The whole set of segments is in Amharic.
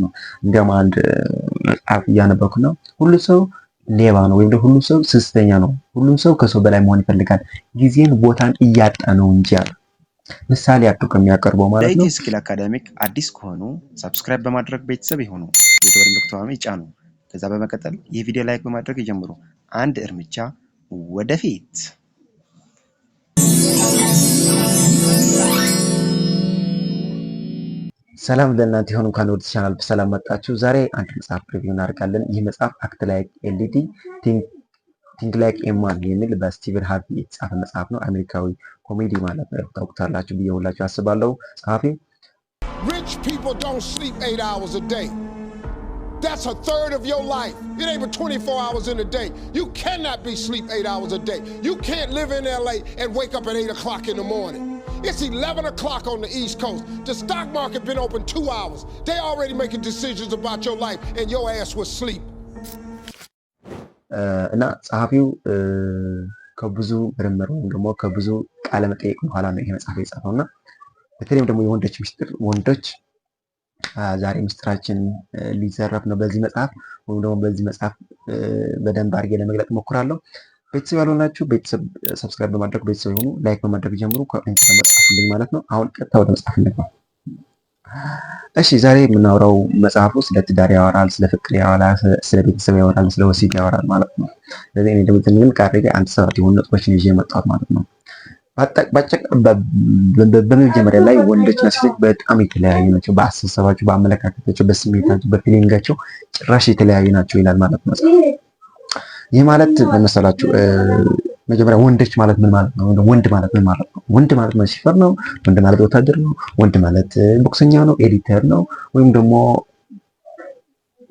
ማለት ነው። እንደውም አንድ መጽሐፍ እያነበኩ ነው። ሁሉ ሰው ሌባ ነው ወይም ሁሉ ሰው ስስተኛ ነው። ሁሉም ሰው ከሰው በላይ መሆን ይፈልጋል። ጊዜን ቦታን እያጣ ነው እንጂ አለ። ምሳሌ አድርጎ የሚያቀርበው ማለት ነው። ስኪል አካዳሚክ አዲስ ከሆኑ ሰብስክራይብ በማድረግ ቤተሰብ የሆኑ የደወል ምልክቱን ይጫኑ። ከዛ በመቀጠል ይህ ቪዲዮ ላይክ በማድረግ ይጀምሩ። አንድ እርምጃ ወደፊት ሰላም ለእናንተ ይሁን። እንኳን ወደ ቻናል በሰላም መጣችሁ። ዛሬ አንድ መጽሐፍ ሪቪው እናደርጋለን። ይህ መጽሐፍ አክት ላይክ ኤሊቲ ቲንክ ላይክ ኤማን የሚል በስቲቨን ሃርቪ የተጻፈ መጽሐፍ ነው። አሜሪካዊ ኮሜዲ ማለት ነው። ታውቁታላችሁ ብዬ ሁላችሁ አስባለሁ። ጸሐፊው That's a third of your life. It ain't but 24 hours in a day. You cannot be sleep eight hours a day. You can't live in LA and wake up at 8 o'clock in the morning. It's 11 o'clock on the East Coast. The stock market been open two hours. They already making decisions about your life and your ass was sleep. Uh, እና ጸሐፊው uh, ከብዙ ምርምር ወይም ደግሞ ከብዙ ቃለመጠየቅ በኋላ ነው ይሄ መጽሐፍ የጻፈው እና በተለይም ደግሞ የወንዶች ሚስጥር ወንዶች ዛሬ ምስጢራችን ሊዘረፍ ነው በዚህ መጽሐፍ ወይም ደግሞ በዚህ መጽሐፍ በደንብ አድርጌ ለመግለጥ እሞክራለሁ። ቤተሰብ ያልሆናችሁ ቤተሰብ ሰብስክራይብ በማድረግ ቤተሰብ የሆኑ ላይክ በማድረግ ጀምሩ። መጽሐፍ ማለት ነው። አሁን ቀጥታ ወደ መጽሐፍ ነው። እሺ ዛሬ የምናወራው መጽሐፉ ስለ ትዳር ያወራል፣ ስለ ፍቅር ያወራል፣ ስለ ቤተሰብ ያወራል፣ ስለ ወሲብ ያወራል ማለት ነው። ስለዚህ እኔ ደግሞ ትንግን ከአድርጌ አንድ ሰባት የሆኑ ነጥቦችን ይዤ መጣሁት ማለት ነው። በመጀመሪያ ላይ ወንዶችና ሴቶች በጣም የተለያዩ ናቸው። በአስተሳሰባቸው፣ በአመለካከታቸው፣ በስሜታቸው፣ በፊሊንጋቸው ጭራሽ የተለያዩ ናቸው ይላል ማለት ነው። ይህ ማለት መሰላችሁ መጀመሪያ ወንዶች ማለት ምን ማለት ነው? ወንድ ማለት ምን ማለት ነው? ወንድ ማለት ሲፈር ነው። ወንድ ማለት ወታደር ነው። ወንድ ማለት ቦክሰኛ ነው፣ ኤዲተር ነው፣ ወይም ደግሞ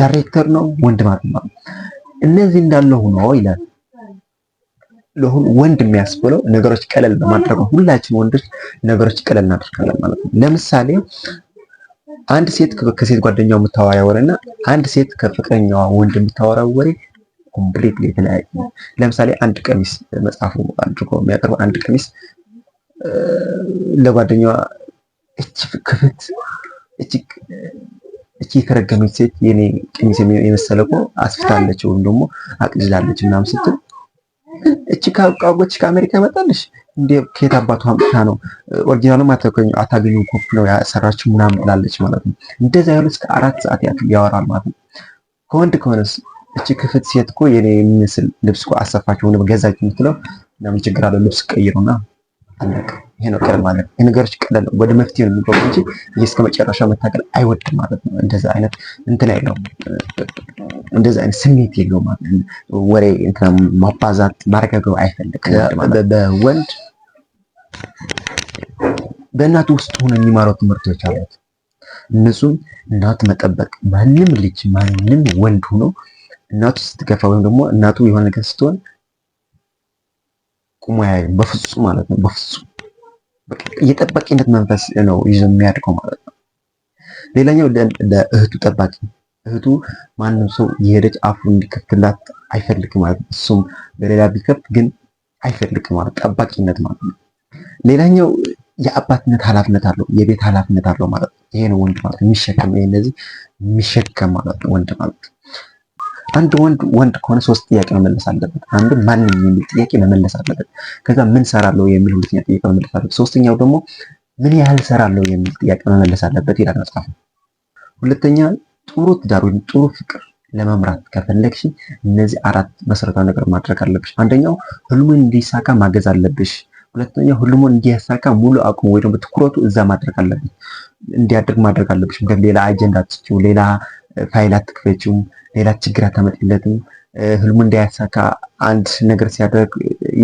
ዳይሬክተር ነው። ወንድ ማለት ነው። እነዚህ እንዳለ ሆኖ ይላል ለሆኑ ወንድ የሚያስብለው ነገሮች ቀለል በማድረግ ነው። ሁላችን ወንዶች ነገሮች ቀለል እናደርጋለን ማለት ነው። ለምሳሌ አንድ ሴት ከሴት ጓደኛው የምታወራ ወሬና አንድ ሴት ከፍቅረኛዋ ወንድ የምታወራ ወሬ ኮምፕሊትሊ የተለያየ ነው። ለምሳሌ አንድ ቀሚስ መጽሐፉ አድርጎ የሚያቀርበው አንድ ቀሚስ ለጓደኛዋ እች ክፍት እቺ እቺ የተረገመች ሴት የኔ ቀሚስ የመሰለ እኮ አስፍታለች ወይም ደግሞ አቅልላለች ምናምን ስትል እቺ ካቋጎች ከአሜሪካ ይመጣልሽ እንዴ? ከየት አባቱ አምጥታ ነው? ኦሪጂናሉ ኦሪጂናሉም አታገኙ ኮፒ ነው ያሰራችሁ ምናምን ብላለች ማለት ነው። እንደዛ ያሉ እስከ አራት ሰዓት ያክል ያወራል ማለት ነው። ከወንድ ከሆነስ እቺ ክፍት ሴት እኮ የኔ የሚመስል ልብስ እኮ አሰፋችሁ ገዛች የምትለው ምናምን ችግር አለው ልብስ ቀይሩና አለቀ። ይሄ ነው ቀለል ማለት ነው። ነገሮች ቀለል ወደ መፍትሄ ነው የሚገቡ እንጂ እስከ መጨረሻ መታገል አይወድም ማለት ነው። እንደዛ አይነት እንትን የለውም፣ እንደዛ አይነት ስሜት የለውም ማለት ነው። ወሬ እንትን ማባዛት ማረጋገብ አይፈልግም። በወንድ በእናት ውስጥ ሆነ የሚማረው ትምህርቶች አሉት። እነሱም እናት መጠበቅ፣ ማንም ልጅ ማንም ወንድ ሆኖ እናቱ ስትገፋ ወይም ደግሞ እናቱ የሆነ ነገር ስትሆን ቁሞ ያዩ በፍጹም ማለት ነው በፍጹም የጠባቂነት መንፈስ ነው ይዞ የሚያድገው ማለት ነው። ሌላኛው ለእህቱ ጠባቂ እህቱ ማንም ሰው የሄደች አፉ እንዲከፍትላት አይፈልግ ማለት ነው። እሱም በሌላ ቢከፍት ግን አይፈልግ ማለት ጠባቂነት ማለት ነው። ሌላኛው የአባትነት ኃላፊነት አለው የቤት ኃላፊነት አለው ማለት ነው። ይሄ ነው ወንድ ማለት የሚሸከም ይሄ እነዚህ የሚሸከም ማለት ነው ወንድ ማለት ነው። አንድ ወንድ ወንድ ከሆነ ሶስት ጥያቄ መመለስ አለበት። አንዱ ማንኛውም የሚል ጥያቄ መመለስ አለበት። ከዛ ምን ሰራለው የሚል ሁለተኛ ጥያቄ መመለስ አለበት። ሶስተኛው ደግሞ ምን ያህል ሰራለው የሚል ጥያቄ መመለስ አለበት ይላል መጽሐፉ። ሁለተኛ ጥሩ ትዳር ወይም ጥሩ ፍቅር ለመምራት ከፈለግሽ እነዚህ አራት መሰረታዊ ነገር ማድረግ አለብሽ። አንደኛው ህልሙን እንዲሳካ ማገዝ አለብሽ። ሁለተኛው ህልሙን እንዲያሳካ ሙሉ አቅሙ ወይ ደግሞ ትኩረቱ እዛ ማድረግ አለበት እንዲያደርግ ማድረግ አለብሽ። ሌላ አጀንዳ ትችው ሌላ ፋይል አትክፈችውም፣ ሌላ ችግር አታመጥለትም፣ ህልሙ እንዳያሳካ አንድ ነገር ሲያደርግ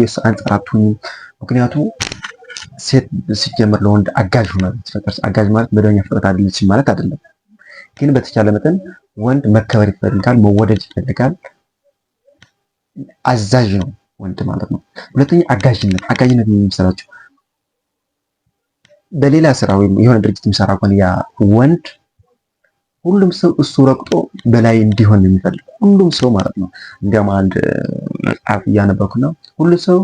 የሱ አንጻር አትሁኑ። ምክንያቱም ሴት ሲጀምር ለወንድ አጋዥ ሆና ትፈጠር። አጋዥ ማለት መደበኛ ፍጥረት አይደለችም ማለት አይደለም። ግን በተቻለ መጠን ወንድ መከበር ይፈልጋል፣ መወደድ ይፈልጋል። አዛዥ ነው ወንድ ማለት ነው። ሁለተኛ አጋዥነት። አጋዥነት የሚመስላችሁ በሌላ ስራ ወይም የሆነ ድርጅት የሚሰራ ከሆነ ያ ወንድ ሁሉም ሰው እሱ ረግጦ በላይ እንዲሆን የሚፈልግ ሁሉም ሰው ማለት ነው። እንዲያውም አንድ መጽሐፍ እያነበኩ ነው። ሁሉ ሰው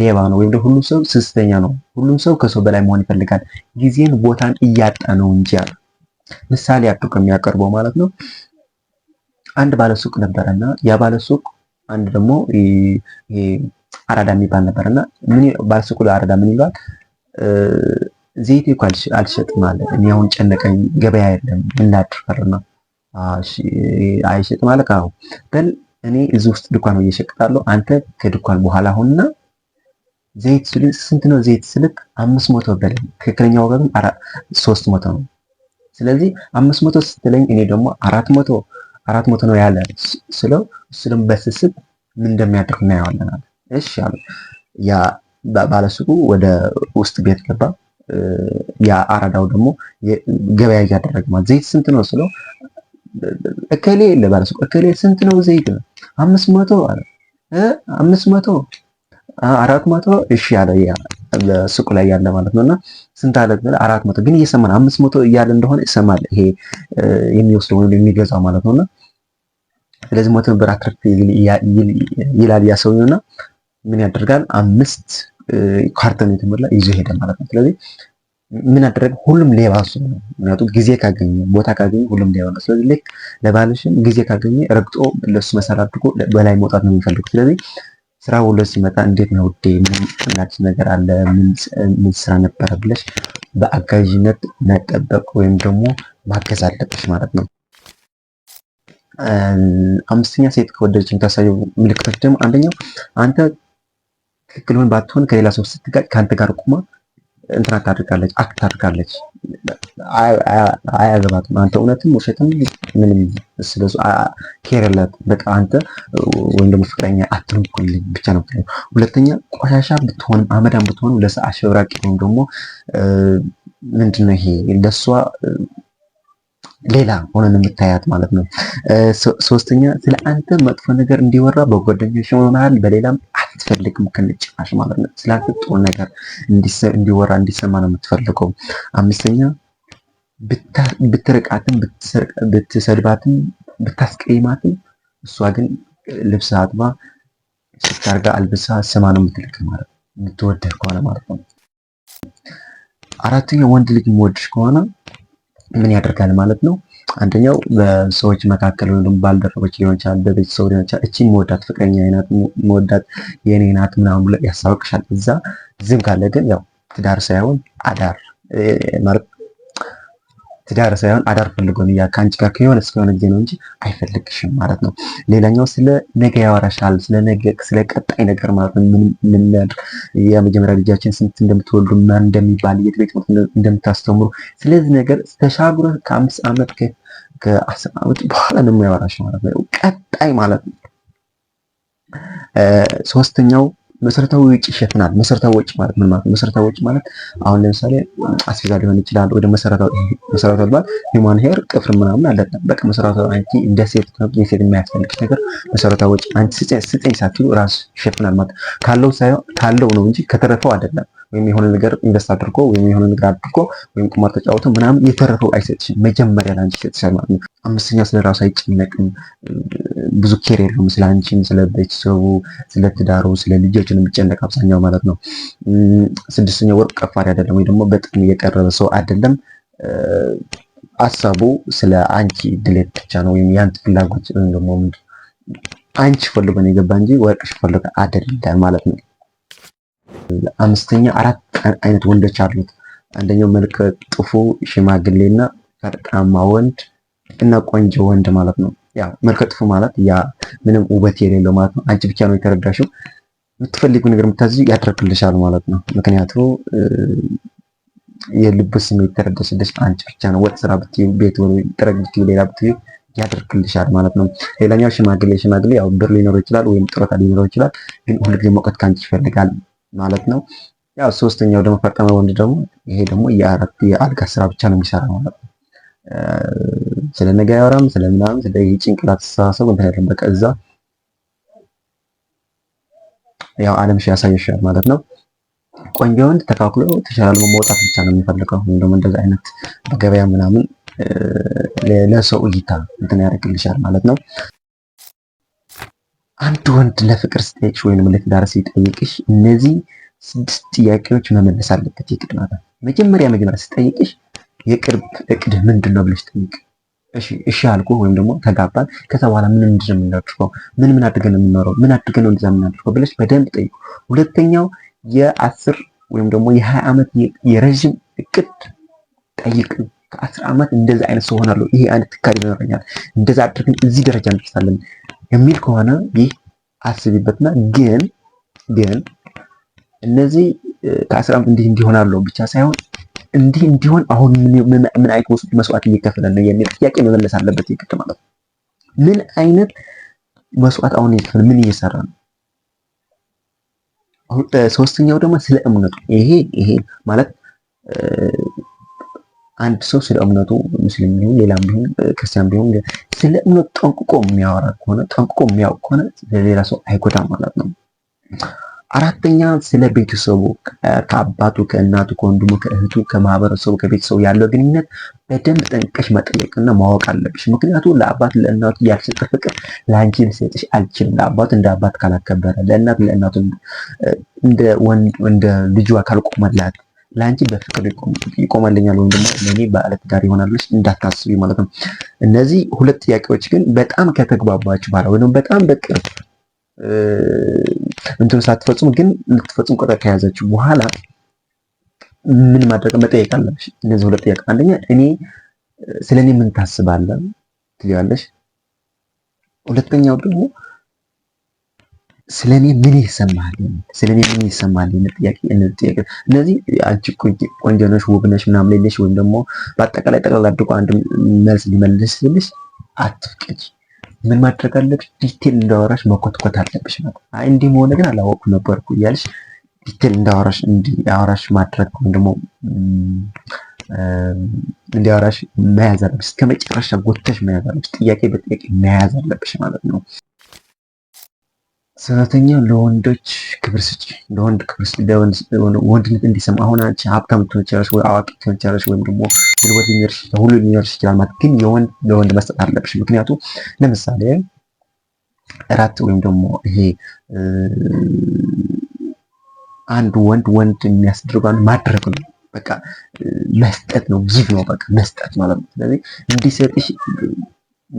ሌባ ነው ወይም ሁሉም ሰው ስስተኛ ነው። ሁሉም ሰው ከሰው በላይ መሆን ይፈልጋል። ጊዜን ቦታን እያጣ ነው እንጂ አለ። ምሳሌ አድርጎ የሚያቀርበው ማለት ነው። አንድ ባለሱቅ ነበረና ያ ባለሱቅ አንድ ደግሞ አራዳ የሚባል ነበረና ምን ባለሱቁ አራዳ ምን ይሏል? ዘይቴ እኮ አልሸጥም አለ። እኔ አሁን ጨነቀኝ፣ ገበያ የለም ምን ላድርግ ነው አይሸጥም አለ። ካው በል እኔ እዚህ ውስጥ ድኳን እየሸቅጣለሁ፣ አንተ ከድኳን በኋላ አሁንና ዘይት ስንት ነው? ዘይት ስልክ አምስት መቶ በለኝ። ትክክለኛ ወገብም ሶስት መቶ ነው። ስለዚህ አምስት መቶ ስትለኝ እኔ ደግሞ አራት መቶ አራት መቶ ነው ያለ ስለው ስለም በስስት ምን እንደሚያደርግ እናየዋለን አለ። እሺ አለ። ያ ባለሱቁ ወደ ውስጥ ቤት ገባ። የአራዳው ደግሞ ገበያ እያደረገ ማለት ዘይት ስንት ነው ስለው እከሌ ለባለሱ እከሌ ስንት ነው ዘይት አምስት መቶ አለ አምስት መቶ አራት መቶ እሺ ያለ በሱቁ ላይ ያለ ማለት ነውና ስንት አለ አራት መቶ ግን እየሰማን አምስት መቶ እያለ እንደሆነ ይሰማል ይሄ የሚወስደው ወይም የሚገዛው ማለት ነውና ስለዚህ መቶ ብር አትርፍ ይላል ያሰውና ምን ያደርጋል አምስት ካርተን የተሞላ ይዞ ሄደ ማለት ነው። ስለዚህ ምን አደረገ? ሁሉም ሌባ እሱ ነው። ምክንያቱም ጊዜ ካገኘ ቦታ ካገኘ ሁሉም ሌባ ነው። ስለዚህ ልክ ለባልሽም ጊዜ ካገኘ ረግጦ ለሱ መሰራ አድርጎ በላይ መውጣት ነው የሚፈልጉ። ስለዚህ ስራ ውሎ ሲመጣ እንዴት ነው ውዴ፣ ምን ነገር አለ፣ ምን ስራ ነበረ ብለሽ በአጋዥነት መጠበቅ ወይም ደግሞ ማገዝ አለብሽ ማለት ነው። አምስተኛ ሴት ከወደደች የምታሳየው ምልክቶች ደግሞ አንደኛው አንተ ትክክልን ባትሆን ከሌላ ሰው ስትጋጭ ከአንተ ጋር ቁማ እንትና ታድርጋለች፣ አክት ታድርጋለች። አያገባትም። አንተ እውነትም ውሸትም ምንም ስለሱ ኬርለት በቃ አንተ ወይም ደግሞ ፍቅረኛ አትንኩልኝ ብቻ ነው። ሁለተኛ ቆሻሻ ብትሆንም አመዳም ብትሆንም ለሰ አሸብራቂ ወይም ደግሞ ምንድነው ይሄ ለእሷ ሌላ ሆነን የምታያት ማለት ነው። ሶስተኛ ስለ አንተ መጥፎ ነገር እንዲወራ በጓደኞች መሃል በሌላም አትፈልግም ከነጭራሽ ማለት ነው። ስለ አንተ ጥሩ ነገር እንዲወራ እንዲሰማ ነው የምትፈልገው። አምስተኛ ብትርቃትም ብትሰድባትም ብታስቀይማትም እሷ ግን ልብስ አጥባ ስታርጋ አልብሳ ስማ ነው የምትልክ ማለት ነው። የምትወደድ ከሆነ ማለት ነው። አራተኛ ወንድ ልጅ የሚወድሽ ከሆነ ምን ያደርጋል ማለት ነው። አንደኛው በሰዎች መካከል ወይም ባልደረቦች ሊሆን ይችላል፣ በቤተሰብ ሊሆን ይችላል። እቺ መወዳት ፍቅረኛ አይናት መወዳት የኔ ናት ምናምን ብሎ ያስታውቅሻል። እዛ ዝም ካለ ግን ያው ትዳር ሳይሆን አዳር ማለት ትዳር ሳይሆን አዳር ፈልጎ ነው ከአንቺ ጋር ከሆነ እስከሆነ ጊዜ ነው እንጂ አይፈልግሽም ማለት ነው። ሌላኛው ስለ ነገ ያወራሻል፣ ስለ ቀጣይ ነገር ማለት ነው። ምን የመጀመሪያ ልጃችን ስንት እንደምትወልዱ ማን እንደሚባል የት ቤት እንደምታስተምሩ፣ ስለዚህ ነገር ተሻግሮ ከአምስት ዓመት ከአስር ዓመት በኋላ ነው የሚያወራሽ ማለት ነው። ቀጣይ ማለት ነው። ሶስተኛው መሰረታዊ ወጪ ይሸፍናል። መሰረታዊ ወጪ ማለት ምን ማለት? መሰረታዊ ወጪ ማለት አሁን ለምሳሌ አስፈዛ ሊሆን ይችላል። ወደ መሰረታዊ መሰረታዊ ማለት ሂውማን ሄር ጥፍር ምናምን አለቀ። በቃ መሰረታዊ አንቺ እንደ ሴት የሴት የሚያስፈልግሽ ነገር መሰረታዊ ወጪ አንቺ ስጠኝ ስጠኝ ሳትሉ ራስ ይሸፍናል ማለት ካለው ሳይሆን ካለው ነው እንጂ ከተረፈው አይደለም። ወይም የሆነ ነገር ኢንቨስት አድርጎ ወይም የሆነ ነገር አድርጎ ወይም ቁማር ተጫውቶ ምናምን የተረፈው አይሰጥሽም። መጀመሪያ ለአንቺ ይሰጥሻል ማለት ነው። አምስተኛ ስለ ራሱ አይጨነቅም። ብዙ ኬር የለውም ስለ አንቺም፣ ስለ ቤተሰቡ፣ ስለ ትዳሩ፣ ስለ ልጆች ነው የሚጨነቅ አብዛኛው ማለት ነው። ስድስተኛ ወርቅ ቀፋሪ አይደለም ወይ ደግሞ በጥቅም እየቀረበ ሰው አይደለም። አሳቡ ስለ አንቺ ድሌት ብቻ ነው ወይም የአንቺ ፍላጎት ወይም ደግሞ አንቺ ፈልጎ ነው የገባ እንጂ ወርቅሽ ፈልጎ አይደለም ማለት ነው። አምስተኛ አራት አይነት ወንዶች አሉት። አንደኛው መልከ ጥፉ ሽማግሌና ፈርጣማ ወንድ እና ቆንጆ ወንድ ማለት ነው። ያ መልከ ጥፉ ማለት ያ ምንም ውበት የሌለው ማለት ነው። አንቺ ብቻ ነው የተረዳሽው። የምትፈልጊው ነገር የምታዝዩ ያደርግልሻል ማለት ነው። ምክንያቱ የልብ ስሜት የተረዳሽልሽ አንቺ ብቻ ነው። ወጥ ስራ ብትዩ፣ ቤት ወይ ጥረግ ብትዩ፣ ሌላ ብትዩ ያደርግልሻል ማለት ነው። ሌላኛው ሽማግሌ። ሽማግሌ ያው ብር ሊኖረው ይችላል ወይም ጥሮታ ሊኖረው ይችላል፣ ግን ሁልጊዜ ሙቀት ከአንቺ ይፈልጋል። ማለት ነው። ያው ሶስተኛው ደግሞ ፈጣን ወንድ ደግሞ ይሄ ደግሞ የአራት የአልጋ ስራ ብቻ ነው የሚሰራ ማለት ነው። ስለ ነገ አያወራም፣ ስለ ምናምን፣ ስለ ጭንቅላት አስተሳሰብ እንትን በቃ እዛ ያው ዓለም ሺ ያሳየሻል ማለት ነው። ቆንጆ ወንድ ተካክሎ ተሻላል መውጣት ብቻ ነው የሚፈልገው። ወይም ደግሞ እንደዚህ አይነት በገበያ ምናምን ለሰው እይታ እንትን ያደርግልሻል ማለት ነው። አንድ ወንድ ለፍቅር ሲጠይቅሽ ወይንም ለትዳር ሲጠይቅሽ እነዚህ ስድስት ጥያቄዎች መመለስ አለበት። የቅድመ መጀመሪያ መጀመሪያ ሲጠይቅሽ የቅርብ እቅድ ምንድን ነው ብለሽ ጠይቅ። እሺ አልኩ ወይም ደግሞ ተጋባን፣ ከዛ በኋላ ምን ምንድን ነው ምን ምን አድርገን ነው የምንኖረው? ምን አድርገን ነው እንደዛ የምናደርገው ብለሽ በደንብ ጠይቁ። ሁለተኛው የአስር ወይም ደግሞ የሀያ ዓመት የረዥም እቅድ ጠይቅ። ከአስር ዓመት እንደዚህ አይነት ሰው ሆናለሁ፣ ይሄ አይነት ትካል ይኖረኛል፣ እንደዛ አድርገን እዚህ ደረጃ እንደርሳለን የሚል ከሆነ ይህ አስቢበትና ግን ግን እነዚህ ከአስራ እንዲህ እንዲሆናሉ ብቻ ሳይሆን እንዲህ እንዲሆን አሁን ምን አይነት ውስጥ መስዋዕት እየከፈለ ነው የሚል ጥያቄ መመለስ አለበት። ይቅርት ማለት ምን አይነት መስዋዕት አሁን እየከፈለ ምን እየሰራ ነው? ሶስተኛው ደግሞ ስለ እምነቱ ይሄ ይሄ ማለት አንድ ሰው ስለ እምነቱ ሙስሊም ቢሆን ሌላም ቢሆን ክርስቲያን ቢሆን ስለ እምነቱ ጠንቅቆ የሚያወራ ከሆነ ጠንቅቆ የሚያውቅ ከሆነ ለሌላ ሰው አይጎዳም ማለት ነው። አራተኛ ስለ ቤተሰቡ ከአባቱ፣ ከእናቱ፣ ከወንድሙ፣ ከእህቱ፣ ከማህበረሰቡ፣ ከቤተሰቡ ያለው ግንኙነት በደንብ ጠንቅቀሽ መጠየቅና ማወቅ አለብሽ። ምክንያቱም ለአባት ለእናቱ ያልሰጠ ፍቅር ለአንቺ ልሰጥሽ አልችልም። ለአባቱ እንደ አባት ካላከበረ፣ ለእናት ለእናቱ እንደ ልጇ ካልቆመላት ለአንቺ በፍቅር ይቆማልኛል ወይም ደግሞ ለእኔ ባለትዳር ይሆናለች እንዳታስቢ ማለት ነው። እነዚህ ሁለት ጥያቄዎች ግን በጣም ከተግባባችሁ በኋላ ወይም በጣም በቅርብ እንትን ሳትፈጽሙ ግን ልትፈጽሙ ቆጠር ከያዘችው በኋላ ምን ማድረግ መጠየቅ አለብሽ። እነዚህ ሁለት ጥያቄ፣ አንደኛ እኔ ስለ እኔ ምን ታስባለህ ትያለሽ። ሁለተኛው ደግሞ ስለኔ ምን ይሰማል? ስለኔ ምን ይሰማል? የሚል ጥያቄ እነዚህ አንቺ ቆንጆ ነሽ፣ ውብ ነሽ ምናምን ሌለሽ ወይም ደግሞ በአጠቃላይ ጠቅላላ አድርጎ አንድ መልስ ሊመልስ ሲልሽ አትፍቀጂ። ምን ማድረግ አለብሽ? ዲቴል እንዳወራሽ መኮትኮት አለብሽ። ማለት አይ እንዲህ መሆነ ግን አላወቅኩ ነበርኩ እያልሽ ዲቴል እንዳወራሽ እንዲያወራሽ ማድረግ ወይም ደግሞ እንዲያወራሽ መያዝ አለብሽ። እስከ መጨረሻ ጎተሽ መያዝ አለብሽ። ጥያቄ በጥያቄ መያዝ አለብሽ ማለት ነው። ሰራተኛ ለወንዶች ክብር ስጭ፣ ለወንድ ክብር ስጭ፣ ወንድነት እንዲሰማ። አሁን አንቺ ሀብታም ትሆን ይችላል ወይ አዋቂ ትሆን ይችላል ወይም ደግሞ ጉልበት ሊኖርሽ ሁሉ ሊኖርሽ ይችላል ማለት ግን የወንድ ለወንድ መስጠት አለብሽ። ምክንያቱ ለምሳሌ እራት ወይም ደግሞ ይሄ አንድ ወንድ ወንድ የሚያስደርጓን ማድረግ ነው በቃ መስጠት ነው፣ ጊቭ ነው በቃ መስጠት ማለት ነው። ስለዚህ እንዲሰጥሽ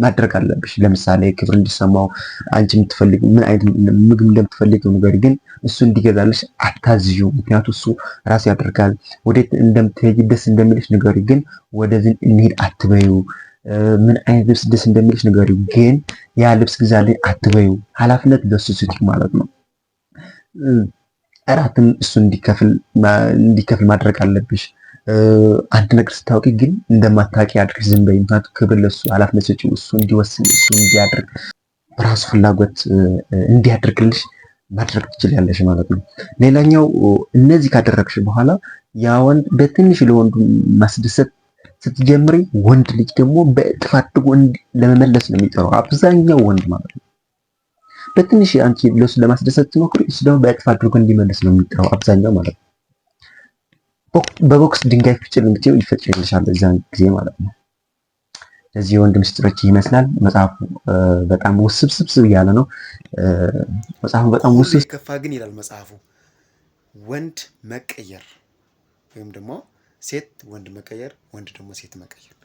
ማድረግ አለብሽ። ለምሳሌ ክብር እንዲሰማው አንቺ የምትፈልግ ምን አይነት ምግብ እንደምትፈልገው ነገር ግን እሱ እንዲገዛልሽ አታዝዩ። ምክንያቱ እሱ ራሱ ያደርጋል። ወዴት እንደምትሄጂ ደስ እንደሚልሽ ነገር ግን ወደዚህ እንሄድ አትበዩ። ምን አይነት ልብስ ደስ እንደሚልሽ ነገር ግን ያ ልብስ ግዛልኝ አትበዩ። ኃላፊነት በሱ ስጪ ማለት ነው። እራትም እሱ እንዲከፍል ማድረግ አለብሽ። አንድ ነገር ስታውቂ ግን እንደማታውቂ አድርግ ዝም በይ። ምክንያቱም ክብር ለሱ ኃላፊነት ስጪው፣ እሱ እንዲወስን፣ እሱ እንዲያደርግ፣ በራሱ ፍላጎት እንዲያደርግልሽ ማድረግ ትችላለሽ ማለት ነው። ሌላኛው እነዚህ ካደረግሽ በኋላ ያ ወንድ በትንሽ ለወንዱ ማስደሰት ስትጀምሪ፣ ወንድ ልጅ ደግሞ በእጥፍ አድርጎ ለመመለስ ነው የሚጠራው አብዛኛው ወንድ ማለት ነው። በትንሽ አንቺ ለሱ ለማስደሰት ትሞክሪ፣ እሱ ደግሞ በእጥፍ አድርጎ እንዲመለስ ነው የሚጠራው አብዛኛው ማለት ነው። በቦክስ ድንጋይ ፍጭል ብትይው ይፈጭልሻል፣ እዛን ጊዜ ማለት ነው። ለዚህ የወንድ ምስጢሮች ይመስላል። መጽሐፉ በጣም ውስብስብስብ እያለ ነው። መጽሐፉ በጣም ውስብስብ ከፋ ግን ይላል መጽሐፉ ወንድ መቀየር ወይም ደግሞ ሴት ወንድ መቀየር፣ ወንድ ደግሞ ሴት መቀየር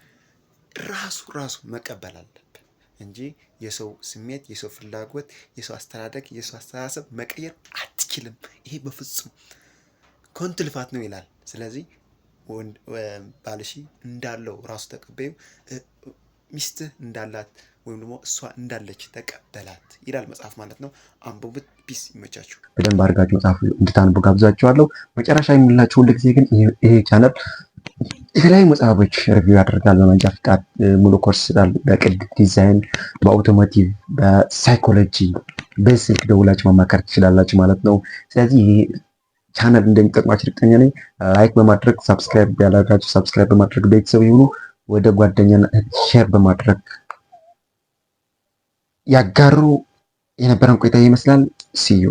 ራሱ ራሱ መቀበል አለብን እንጂ የሰው ስሜት፣ የሰው ፍላጎት፣ የሰው አስተዳደግ፣ የሰው አስተሳሰብ መቀየር አትችልም። ይሄ በፍጹም ኮንት ልፋት ነው ይላል። ስለዚህ ባልሺ እንዳለው ራሱ ተቀበዩ፣ ሚስትህ እንዳላት ወይም ደግሞ እሷ እንዳለች ተቀበላት ይላል መጽሐፍ ማለት ነው። አንብቡት። ፒስ ይመቻችሁ። በደንብ አድርጋችሁ መጽሐፍ እንድታንቡ ጋብዛችኋለሁ። መጨረሻ የምላችሁ ሁልጊዜ ግን ይሄ ቻነል የተለያዩ መጽሐፎች ሪቪው ያደርጋል። በመንጃ ፍቃድ ሙሉ ኮርስ ይላል፣ በቅድ ዲዛይን፣ በአውቶሞቲቭ፣ በሳይኮሎጂ በስልክ ደውላችሁ ማማከር ትችላላችሁ ማለት ነው። ስለዚህ ቻናል እንደሚጠቅማችሁ እርግጠኛ ነኝ። ላይክ በማድረግ ሰብስክራይብ ያላደረጋችሁ ሰብስክራይብ በማድረግ ቤተሰብ ይሁኑ። ወደ ጓደኛና ሼር በማድረግ ያጋሩ። የነበረን ቆይታ ይመስላል ሲዩ